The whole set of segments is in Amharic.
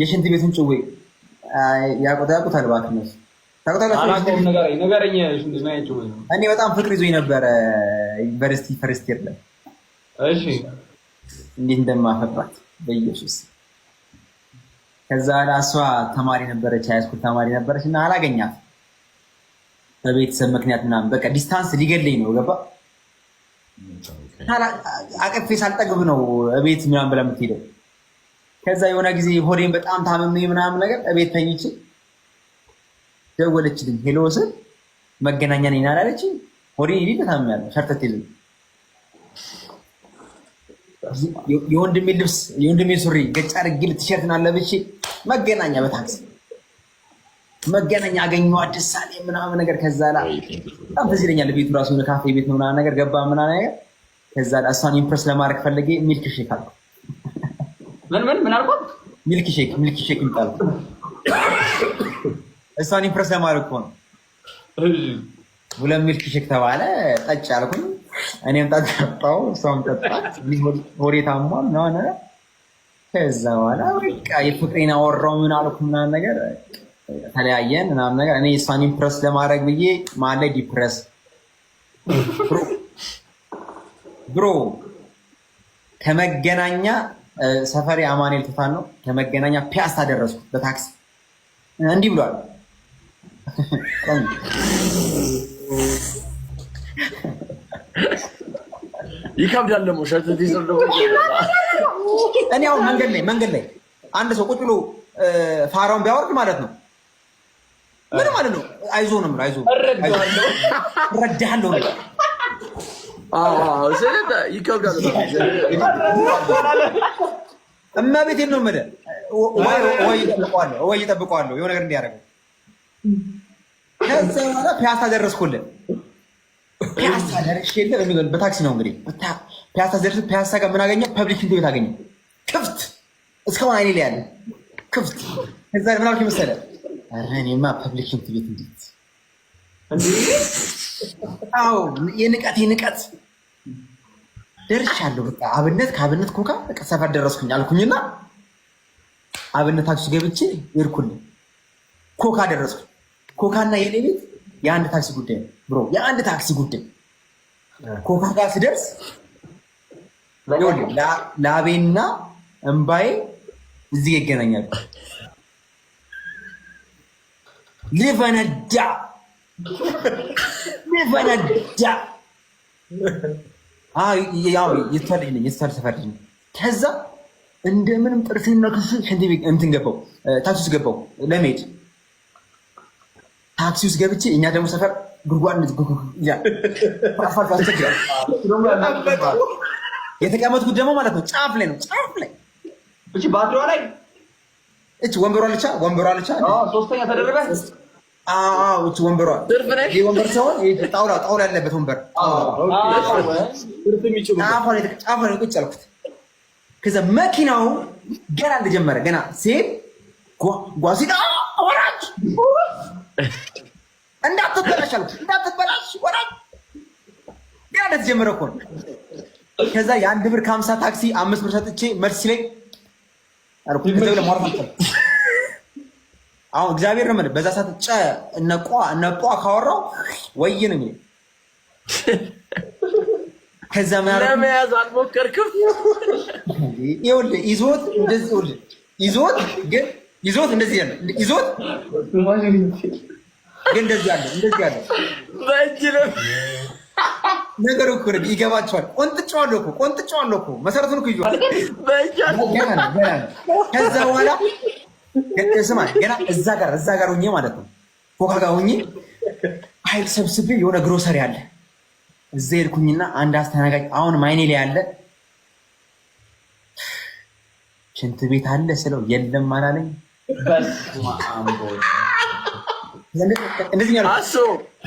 የሽንት ቤቱን ጭዌ ያቆታ ያቁታል ባክነስ እኔ በጣም ፍቅር ይዞኝ ነበረ ዩኒቨርሲቲ ፈርስት የለም ላይ እንዴት እንደማፈራት በኢየሱስ። ከዛ እሷ ተማሪ ነበረች፣ ሃይስኩል ተማሪ ነበረች እና አላገኛት በቤተሰብ ምክንያት ምናምን በቃ ዲስታንስ ሊገለኝ ነው ገባ አቅፌ ሳልጠግብ ነው እቤት ምናምን ብላ የምትሄደው ከዛ የሆነ ጊዜ ሆዴን በጣም ታምሜ ምናምን ነገር እቤት ተኝቼ ደወለችልኝ። ሄሎ ስል መገናኛ ነኝ አላለች። ሆዴን ይዲ ተታምሜያለሁ፣ ሸርተት የለም። የወንድሜ ልብስ የወንድሜ ሱሪ ገጭ አድርጌ ልትሸርትን አለብሽ። መገናኛ በታክሲ መገናኛ አገኘዋ ደሳሌ ምናምን ነገር ከዛ ላ በጣም ትዝ ይለኛል። ቤቱ ራሱ ካፌ ቤት ነው ምናምን ነገር ገባ ምናምን ነገር ከዛ ላ እሷን ኢምፕረስ ለማድረግ ፈለጌ ሚልክ ሼክ አልኩ ምን ምን ምን አልኩት? ሚልክ ሼክ ሚልክ ሼክ ይምጣል። እሷን ኢምፕረስ ለማድረግ እኮ ነው። ሁለት ሚልክ ሼክ ተባለ። ጠጭ አልኩኝ። እኔም ጠጣሁ፣ እሷም ጠጣች። ሆዴ ታሟል ሆነ። ከዛ በኋላ በቃ የፍቅሬን አወራሁ። ምን አልኩ ምናምን ነገር ተለያየን ምናምን ነገር። እኔ እሷን ኢምፕረስ ለማድረግ ብዬ ማለ ዲፕረስ ብሮ ከመገናኛ ሰፈሪ አማኔል ትፋን ነው። ከመገናኛ ፒያሳ ደረስኩ በታክሲ እንዲህ ብሏል። ይከብዳል ደግሞ ሸት እኔ አሁን መንገድ ላይ መንገድ ላይ አንድ ሰው ቁጭ ብሎ ፋራውን ቢያወርድ ማለት ነው ምን ማለት ነው? አይዞ ነው የምልህ አይዞህ እረዳሃለሁ ይከብዳል። እመቤቴን ነው የምልህ። ወይ እጠብቀዋለሁ የሆነ ነገር እንዲያደርገው። ከዛ በኋላ ፒያሳ ደረስኩልን። ፒያሳ ደርሼልህ በታክሲ ነው እንግዲህ ፒያሳ ደርስ። ፒያሳ ጋር ምን አገኘህ? ፐብሊክ ሽንት ቤት አገኘህ፣ ክፍት እስካሁን አይኔ ላይ ያለ ክፍት። ከዛ ምን መሰለህ? ኧረ እኔማ ፐብሊክ ሽንት ቤት እንዴት አዎ የንቀት የንቀት ደርሻለሁ። በቃ አብነት ከአብነት ኮካ በቃ ሰፈር ደረስኩኝ አልኩኝና አብነት ታክሲ ገብቼ ሄድኩልኝ። ኮካ ደረስኩኝ። ኮካና የኔ ቤት የአንድ ታክሲ ጉዳይ ብሮ፣ የአንድ ታክሲ ጉዳይ። ኮካ ጋር ስደርስ ላቤና እምባዬ እዚህ ይገናኛሉ። ልፈነዳ ፈነዳ። ያው የተፈርጅ ነኝ የተፈርጅ ነኝ። ከዛ እንደምንም ጥርሴና ክሱ ሽንት ቤት እንትን ገባው፣ ታክሲ ውስጥ ገባው ለመሄድ ታክሲ ውስጥ ገብቼ እኛ ደግሞ ሰፈር ጉድጓድ የተቀመጥኩት ደግሞ ማለት ነው ጫፍ ላይ ነው ጫፍ ላይ ባትሪዋ ላይ እች ወንበሯ ልቻ ወንበሯ ልቻ ሶስተኛ ተደረበ እቺ ወንበሯ ወንበር ሳይሆን ጣውላ ጣውላ ያለበት ወንበር ጫፏ ቁጭ አልኩት። ከዛ መኪናው ገና እንደጀመረ ገና ሴት እንዳትበላሽ አልኩት፣ እንዳትበላሽ ገና እንደተጀመረ እኮ ነው። ከዛ የአንድ ብር ከሀምሳ ታክሲ አምስት ብር ሰጥቼ መልስ ሲለኝ አሁን እግዚአብሔር ነው በዛ ሰዓት ጨ እነቋ እነቋ ካወራው ወይን ነው ከዛ መያዝ አልሞከርክም። ይኸውልህ ይዞት እንደዚህ ይዞት ግን ይዞት እንደዚህ ያለ ይዞት ግን እንደዚህ ያለ እንደዚህ ያለ በእጅ ነው ነገሩ እኮ ነው። ይገባቸዋል። ቆንጥጫዋለሁ እኮ ቆንጥጫዋለሁ እኮ መሰረቱን እኮ ይዟል። ከዛ በኋላ ስማ ገና እዛ ጋር እዛ ጋር ሆኜ ማለት ነው ፎካ ጋር ሆኜ ሀይል ሰብስቤ የሆነ ግሮሰሪ አለ እዛ ሄድኩኝና አንድ አስተናጋጅ አሁን ማይኔ ላይ አለ ሽንት ቤት አለ ስለው የለም አላለኝ።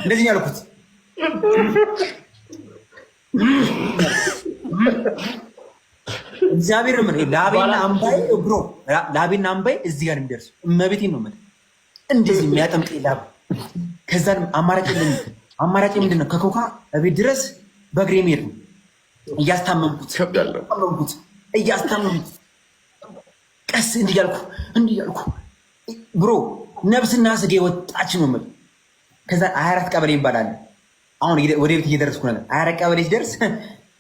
እንደዚህ ያልኩት እግዚአብሔር ምን ላቤና አምባዬ ብሮ ላቤና አምባዬ እዚህ ጋር የሚደርሱ እመቤቴ ነው ምን እንደዚህ የሚያጠምቅ ላብ ከዛ አማራጭ አማራጭ ምንድን ነው? ከኮካ እቤት ድረስ በእግሬ መሄድ ነው። እያስታመምኩት እያስታመምኩት እያስታመምኩት ቀስ እንዲህ እያልኩ እንዲህ እያልኩ ብሮ ነብስና ስጋ ወጣች ነው የምልህ። ከዛ ሀያ አራት ቀበሌ ይባላል። አሁን ወደ ቤት እየደረስኩ ነ ሀያ አራት ቀበሌ ሲደርስ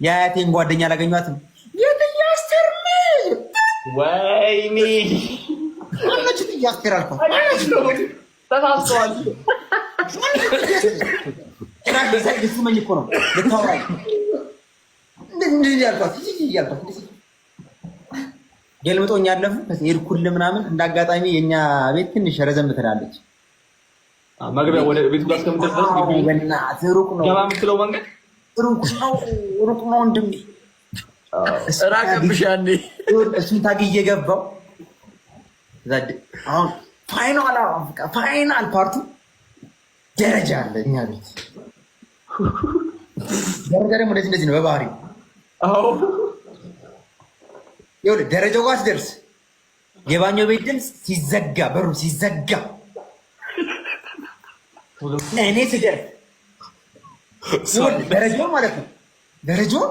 የአያቴን ጓደኛ አላገኟትም። ወይኔ አለችት እያስቴር ተሳስተዋል። ስመኝ እኮ ነው ልታወራ ያልኳት ያልኳት ገልምጦኝ ያለፉ ሄድኩል ምናምን እንዳጋጣሚ የእኛ ቤት ትንሽ ረዘም ትላለች። መግቢያ ወደ ቤቱ ጋር እስከምትደርስ ሩቅ ነው። የምትለው መንገድ ሩቅ ነው። ሩቅ ነው ወንድሜ ስራ ያኔ እሱን ታግ እየገባው ፋይናል ፓርቱ ደረጃ አለ እኛ ቤት ደረጃ ደግሞ እንደዚህ እንደዚህ ነው በባህሪ ይኸውልህ ደረጃው ጋር ሲደርስ የባኞ ቤት ድምፅ ሲዘጋ በሩ ሲዘጋ እኔ ስደርስ ደረጃው ማለት ነው ደረጃው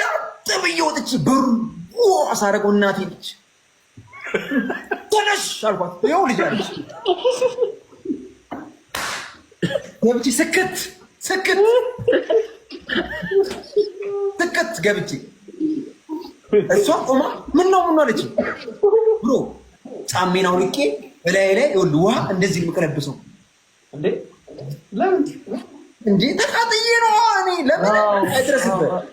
ላጥ ብዬ ወጥቼ ብር አሳረገው። እናቴ ልጅ ተነሽ አልኳት። ይኸው ልጅ አለች። ገብቼ ስክት ስክት ስክት ገብቼ እሷ ቆማ ምን ነው ምን አለች ብሎ ጫሜን አውልቄ በላይ ላይ ይኸውልህ ውሃ እንደዚህ የምቀለብሰው እንዴ ተቃጥዬ ነው እኔ ለምን አይድረስበት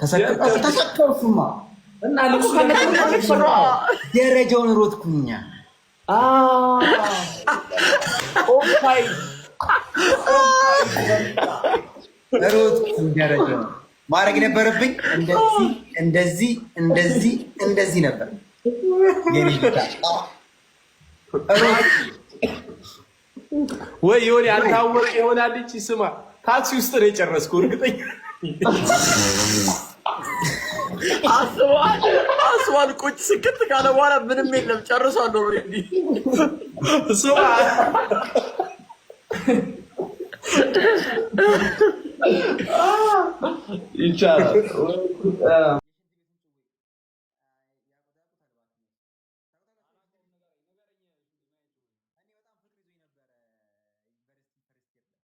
ተሰከፍኩማ እና ደረጃውን ሮጥኩኛ። ሮጥኩኝ ደረጃውን ማድረግ ነበረብኝ። እንደዚህ እንደዚህ እንደዚህ እንደዚህ ነበር ወይ የሆነ ያልታወቀ የሆነ ልጅ ስማ፣ ታክሲ ውስጥ ነው የጨረስኩ እርግጠኛ አስቧል አስቧል። ቁጭ ስክት ካለ በኋላ ምንም የለም ጨርሷለሁ ኦልሬዲ ይቻላል